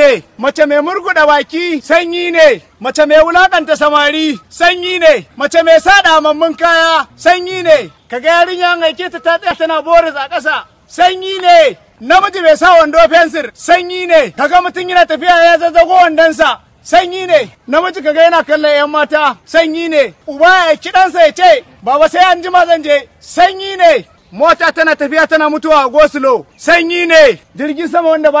ne mace mai murguɗa baki sanyi ne mace mai wulakanta samari sanyi ne mace mai sada mammun kaya sanyi ne kaga yarinya an aike ta ta tsaya tana boris a ƙasa sanyi ne namiji mai sa wando fensir sanyi ne kaga mutum yana tafiya ya zazzago wandonsa sanyi ne namiji kaga yana kallon 'yan mata sanyi ne uba ya kiɗansa ya ce baba sai an jima zan je sanyi ne mota tana tafiya tana mutuwa a goslo sanyi ne jirgin sama wanda ba